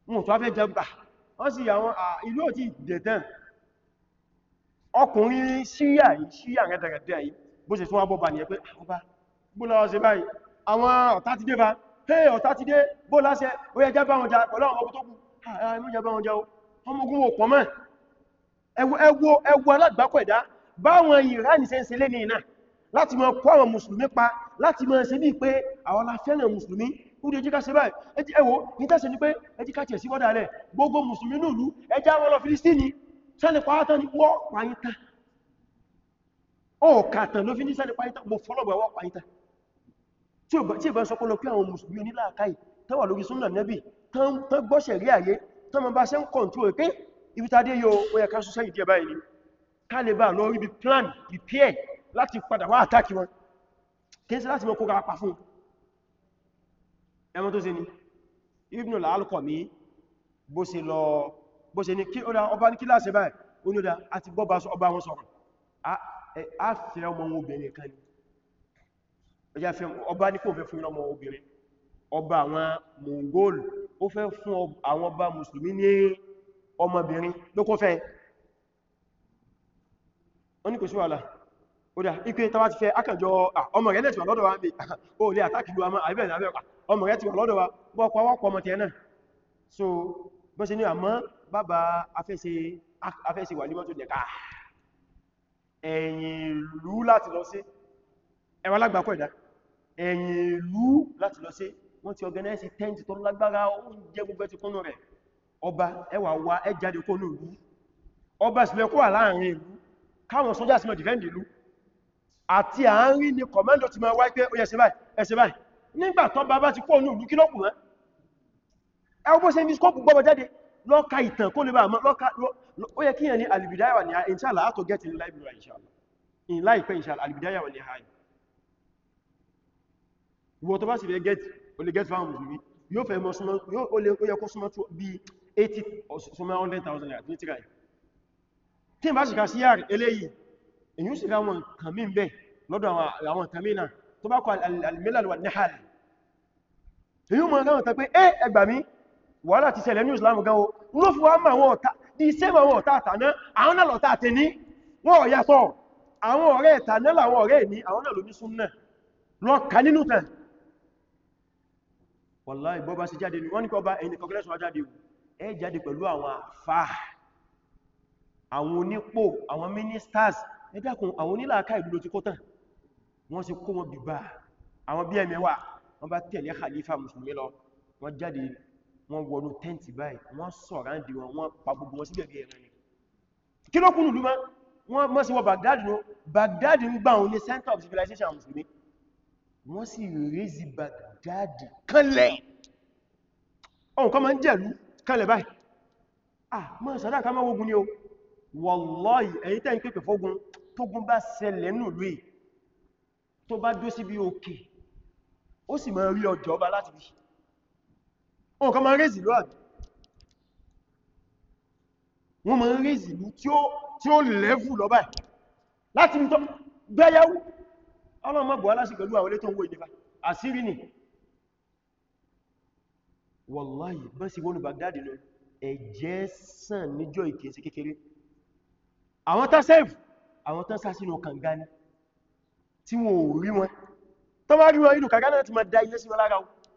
wọn tó fẹ́ jẹ́ gbà ah, wọ́n sì àwọn ah, ìlú òtí dẹ̀tàn ọkùnrin síyà síyà rẹ̀dẹ̀rẹ̀dẹ̀ yìí bó ṣe tún wá bọ́bà ní ẹgbẹ́ ọba bóláwọ́ ṣe báyìí àwọn ọ̀tá ti dé bá hey ọ̀tá ti dé bóláwọ́ ṣe ó yẹ jábá wọn já pẹ̀lú àwọn ọmọ tó kù ah, ah, ẹmú jábá wọn já ọmọ ogun òpọ̀ mọ́ ẹwọ ẹwọ alágbàkọ̀ ẹ̀dá báwọn ìránì ṣe ń ṣe lé ní iná láti mọ kọ́ àwọn mùsùlùmí pa láti mọ ṣe bíi pé àwọn aláfẹ́ràn mùsùlùmí ó dé jíká ṣe báyìí ẹwọ ní tẹ́sẹ̀ ní pé ẹjíká tiẹ̀ sí wọ́dà rẹ̀ gbogbo mùsùlùmí nùlú ẹjá wọn lọ Filistini sẹ́lẹ̀pá átán ni wọ́ pàyíntà ọ̀kàtàn ló fi ní sẹ́lẹ̀pá átán mo fọ́lọ̀bọ̀ wọ́ pàyíntà tí ò bá sọpọlọ pé àwọn mùsùlùmí onílàákàí tẹ́wà lórí súnnà nẹ́bì tán gbọ́ṣẹ̀ rí ayé tán ma bá ṣe ń kọ̀ntú rẹ̀ pé ibi tàdé yóò ó yẹ ká ṣúṣẹ́ ìdí ẹ̀bá ìní ká lè bá lọ ríbi plan prepare láti padà wá àtàkì wọn kí sí láti mọ́ kó gara pa fún ẹmọ́ tó ṣe ni Ibn al-Alqami bó ṣe lọ bó ṣe ní kí ọba ní kíláàsì báyìí ó ní ọdá àti bọ́bá ọba wọn sọ̀rọ̀ a fẹ́ ọmọ wọn obìnrin kan ní ọba ní kò fẹ́ fún ọmọ obìnrin ọba àwọn mongol ó fẹ́ fún àwọn ọba mùsùlùmí ní ọmọbìnrin ló kó fẹ́ ó ní kò sí wàhálà ó dá ipé tàwà ti fẹ́ akànjọ ọmọ rẹ̀ lẹ́tìwà lọ́dọ̀ wa ń bè ó lè àtàkì gbọ́ ọmọ rẹ̀ ti wà lọ́dọ̀ wa bọ́ ọkọ̀ wọ́pọ̀ ọmọ tẹ̀ náà so bọ́ ṣe ní àmọ́ bàbá afẹ́ṣe wà nímọ́ tó nẹ̀ká ẹ̀yìn ìlú láti lọ sí ẹwà lágbàkọ̀ ìdá ẹ̀yìn ìlú láti lọ sí wọ́n ti organize tent tó lágbára oúnjẹ gbogbo ti kúnnú rẹ̀ ọba ẹwà wa ẹjáde kó ní ìlú ọba sílẹ̀kọ́ wà láàrin ìlú káwọn sójá sí mọ̀ dìfẹ́ndì ìlú àti àárín ni kọmẹ́ndò ti máa wáyé pé ó yẹ ṣe báyìí ẹ ṣe báyìí nígbà tó bá bá ti kó ní ìlú kí lọ́kùnrin ẹ lọ́ka ìtàn kó lè bá àmọ́ lọ́ka ó yẹ kíyàn ní al-bidaya wa nihaya inshallah àtò get in library inshallah in life. inshallah al-bidaya wa nihaya ìwọ̀n tó bá sì fẹ́ get o lè get fáwọn musulmi yóò fẹ́ mọ́ súnmọ́ ó lè ó yẹ kó súnmọ́ tó bí 80 súnmọ́ 100,000 naira ní tíra tí n bá sì ká sí yàrá eléyìí èyí sì ráwọn kan mí bẹ́ lọ́dọ̀ àwọn kan mí náà tó bá kọ al-milal wa nihal èyí mọ̀ ráwọn tán pé eh, ẹ ẹgbàmí wàhálà ti ṣẹlẹ̀ ní ìsìlámù gan o ló fi wá máa wọn ọ̀tá di iṣẹ́ ma wọn ọ̀tá àtàná àwọn náà lọ́tà àti ní wọ́n ọ̀yà sọ àwọn ọ̀rẹ́ ìtàná làwọn ọ̀rẹ́ ní àwọn náà ló ní súnnà lọ ka nínú tàn wàláhì bọ́bá sí jáde ní wọ́n ní kọ́ bá ẹni kọ́kẹ́lẹ́sọ wá jáde ẹ jáde pẹ̀lú àwọn àfà àwọn onípò àwọn ministers ẹ dákun àwọn onílàáká ìlú ló ti kó tàn wọ́n sì wọ́n jáde wọ́n wọnú tẹ́ǹtì báyìí wọ́n sọ̀ráǹdì wọn wọ́n pa gbogbo wọn sí gẹ̀gẹ̀ ẹ̀rẹ́ ni kí ló kúnnù lúmọ́ wọ́n mọ́ sí wọ Baghdad ní Baghdad ń gbà òun ní center of civilization musulmi wọ́n sì rèézi Baghdad kanlẹ̀ ọ̀hún kan ń jẹ̀lú kanlẹ̀ báyìí ah mọ́ sàdá ká máa wogun ni o wallahi ẹ̀yin tẹ́ ń pèpè fógun tógun bá ṣẹlẹ̀ nù lóì tó bá dó sí bí òkè ó sì máa rí ọjọ́ ọba láti wọn kan ma ń rí ìsìlú àbí wọ́n ma ń rí ìsìlú tí ó lẹ́fù lọ báyìí láti mú tọ́ gbẹ́yàwó ọlọ́mọ bọ̀ aláṣì pẹ̀lú àwọn elétò owó ìdífà àṣírí ni wàláyì bá sí wọnú Baghdad lọ ẹ̀jẹ̀ sàn níjọ́ ìkẹsí kékeré àwọn tán sẹ́ẹ̀fù àwọn tán sá sínú kàngání tí wọn ò rí wọn tán bá rí wọn inú kàngání láti máa da ilé sí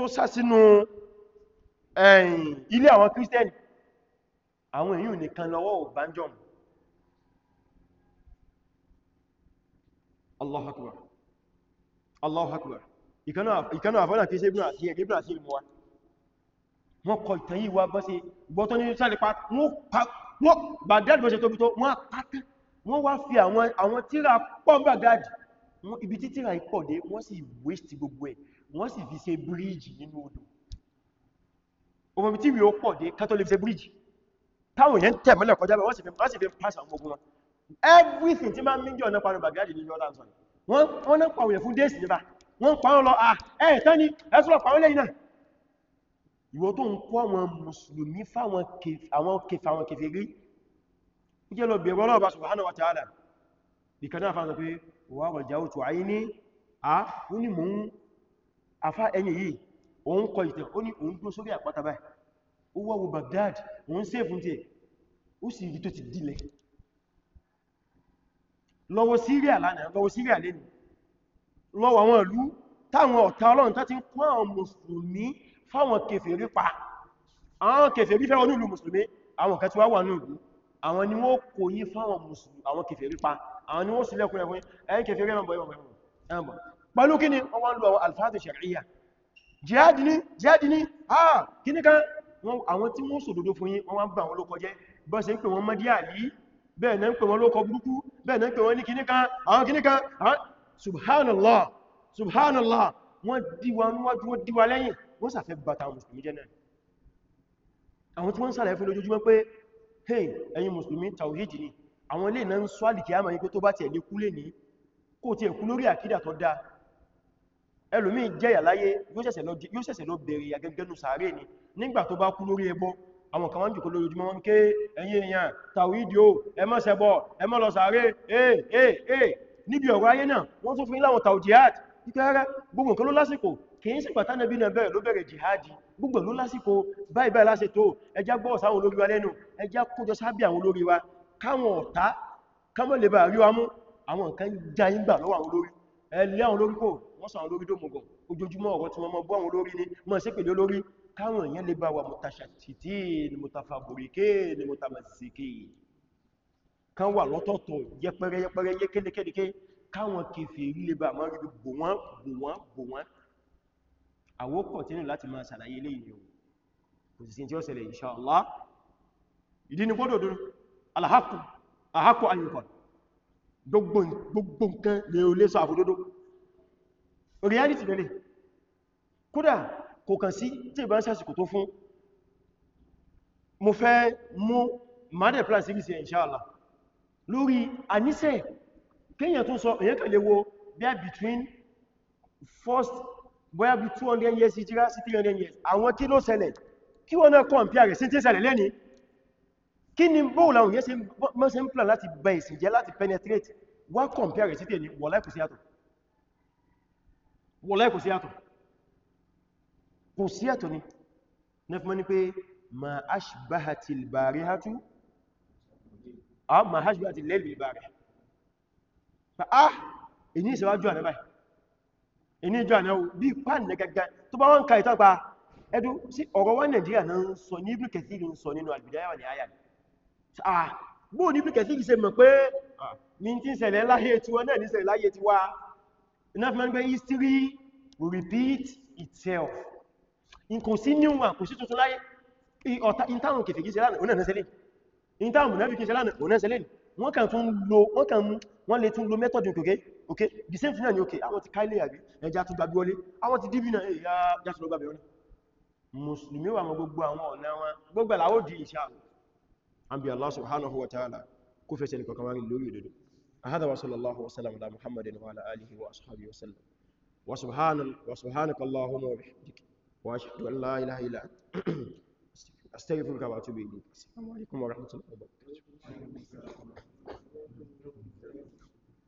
tó sá sínú ilé àwọn kírísítẹ́nì àwọn èyí nìkan lọ́wọ́ ò bá ń jọm Allahu Akbar Allahu Akbar ìkanú àfọ́nà kí ṣe ibùn àti ẹgbẹ̀rún àti ìmọ̀ wa wọ́n kọ ìtàn yìí wá bọ́sí gbọ́tọ́ ní sálẹ̀pá wọ́n bàgádì bọ́sẹ̀ tóbi tó wọ́n pátá wọ́n wá fi àwọn tíra pọ́ bàgádì ibi tí tíra ìpọ̀dé wọ́n sì waste gbogbo ẹ̀ wọ́n sì fi ṣe bíríjì nínú odò omi tí rí ó pọ̀ dé kátó lè fi ṣe bíríjì táwọn èèyàn tẹ̀ mọ́lẹ̀ kọjá bẹ̀ wọ́n sì fi wọ́n sì fi pass àwọn ogun wọn everything tí máa ń míjọ náà pàrọ bàgbáàdì ní yọ́dá sọ wọ́n náà pàwọn èèyàn fún déèsì nípa wọ́n pàwọn lọ ah, ẹ̀ tán ni ẹ̀sùn pàwọn lẹ́yìn náà ìwọ tó ń kọ́ àwọn mùsùlùmí fáwọn kèfèrí ó jẹ́ lọ bẹ̀rọ ọlọ́ọ̀bá subhanahu wa ta'ala ìkanáà fáwọn pé wà rọ̀ jáwó tó ayé ní a ah, ó ní mò ń afá ẹni yìí òun kọ ìtẹ̀ ó ní òun dúró sórí àpáta báyìí ó wọ́wọ́ Baghdad òun sí èfún tí ẹ̀ ó sì rí tó ti dílẹ̀ lọ́wọ́ Syria lánàá lọ́wọ́ Syria lẹ́nu lọ́wọ́ àwọn ìlú táwọn ọ̀tá ọlọ́run tó ti ń kún pa àwọn kèfèrí fẹ́ wọnú ìlú mùsùlùmí àwọn kan tí wá wà pa àwọn ni wọ́n sílẹ̀kùn ẹ̀kùn ẹ̀yìn kèfèrí ẹ̀mọ̀ ẹ̀mọ̀ pẹ̀lú kí ni wọ́n lọ alfáàtì ṣàríyà jihadi ni jihadi ni ah kí ní kan àwọn tí wọ́n sòdodo fún yín wọ́n wá bá wọn ló kọjẹ́ bọ́n ṣe ń pè wọ́n mọ́díàlì bẹ́ẹ̀ náà ń pè wọ́n ló burúkú bẹ́ẹ̀ náà pè wọ́n ní kíní kan àwọn kíní kan subhanallah subhanallah wọ́n díwa níwájú wọ́n díwa lẹ́yìn wọ́n sàfẹ́ bàtà mùsùlùmí jẹ́ náà àwọn tí wọ́n ń hey ẹ̀yin mùsùlùmí tawhid ni àwọn ilé náà ń sọ àlìkìyàmọ̀ yí pé tó bá tiẹ̀ lè lórí àkídà tó dáa ẹlòmí jẹ́yà láyé yóò ṣẹ̀ṣẹ̀ lọ bẹ̀rẹ̀ agẹ́gẹ́nu sàárè ni nígbà tó bá kú lórí ẹbọ àwọn kan wọ́n jùkú lórí ojúmọ́ wọn ké ẹ̀yin èèyàn tàwídíò ẹmọ́ ṣẹbọ ẹmọ́ lọ sàárè eh eh eh níbi ọ̀rọ̀ ayé náà wọ́n tún fún ilé àwọn tàwídíàt ìpẹ́rẹ́ gbogbo nǹkan ló lásìkò kìí sí pàtàkì bí náà bẹ̀rẹ̀ ló bẹ̀rẹ̀ jihadi gbogbo ló lásìkò báyìí báyìí láṣẹ tó ẹjá gbọ́ sáwọn olórí wa lẹ́nu ẹjá kójọ sábì àwọn olórí wa káwọn ọ̀tá káwọn lè bá rí wa mú àwọn nǹkan jayín gbà lọ́wọ́ àwọn olórí ẹlẹ́ àwọn olórí kò wọ́n sọ àwọn olórí dómùgọ̀ ojoojúmọ́ ọ̀rọ̀ tí wọ́n mọ́ bọ́ àwọn olórí ní mọ́ sí pèlú olórí káwọn èèyàn lè bá wà mọ̀tàṣàtìtì ní mọ̀tàfàbòríkè ní mọ̀tàmàsìkè kan wà lọ́tọ̀ọ̀tọ̀ yẹpẹrẹ yẹpẹrẹ yẹkẹ́lẹ́kẹ́lẹ́kẹ́ káwọn kèfèrí lè bá mọ́ rí bò wọ́n bò wọ́n bò wọ́n àwókọ̀ tí ní láti máa sàlàyé ilé gbogbo nǹkan lè o lè sọ àfòdódó reality lẹ́lẹ̀ kódà kò kàn sí tí ìbá ń sàsìkò tó fún mo fẹ́ mú madẹ̀ plan series ẹ̀ inṣáàlá lórí àníṣẹ́ kéèyàn tó sọ èyàn kàn lè wo bíá between first bóyá bí 200 years sí 300 years àwọn kí ló ṣẹlẹ̀ kí wọ́n náà compare sí tí ṣẹlẹ̀ lẹ́ni kí ni bóòlù àwọn yẹ́ ṣe ń plan láti bẹ ìsìn jẹ́ láti penetrate wá compare sí tèmi wọ̀láì kò sí àtọ̀ wọ̀láì sí àtọ̀ kò sí àtọ̀ ni nefman ni pé ma ashbahatil barihatu a ma ashbahatil lẹ́lì bari pa á ìní ìṣẹ́wájú àná báyìí ìní ìjọ àná bí pan na gaggá tó bá wọ́n ka ìtọ́pa ẹdú sí ọ̀rọ̀ wọn Nàìjíríà náà ń sọ ní Ibn Kathir ń sọ nínú al-Bidayah wa bóò ní pínkẹ̀ sí ìṣe mọ̀ pé ní tí ń ṣẹlẹ̀ láyé tí wọ́n náà ní ṣẹlẹ̀ láyé tí wá iná fi history will repeat itself in kò sí new one kò sí tuntun láyé ọ̀ta intanet kèfè kí ṣe lánàá onáà ṣẹlẹ̀ intanet náà fi kí ṣe lánàá onáà ṣẹlẹ̀ wọ́n kàn tún lo wọ́n kàn mú wọ́n lè tún lo method òkè òkè the same thing náà ni òkè àwọn ti káílé àbí ẹja tún gbàgbé wọlé àwọn ti dìbì náà èyà eh, jásùlọ́gbàbẹ̀ wọn mùsùlùmí wà mọ́ gbogbo àwọn ọ̀nà wọn gbogbo àláwò di insha Allah an bi Allah subhanahu wa ta'ala kó fẹsẹ̀ ní kankan wárin lórí òdodo هذا وصلى الله وسلم على محمد وعلى آله وأصحابه وسلم وسبحانك اللهم وبحمدك وأشهد أن لا إله إلا أنت أستغفرك وأتوب إليك السلام عليكم ورحمة الله وبركاته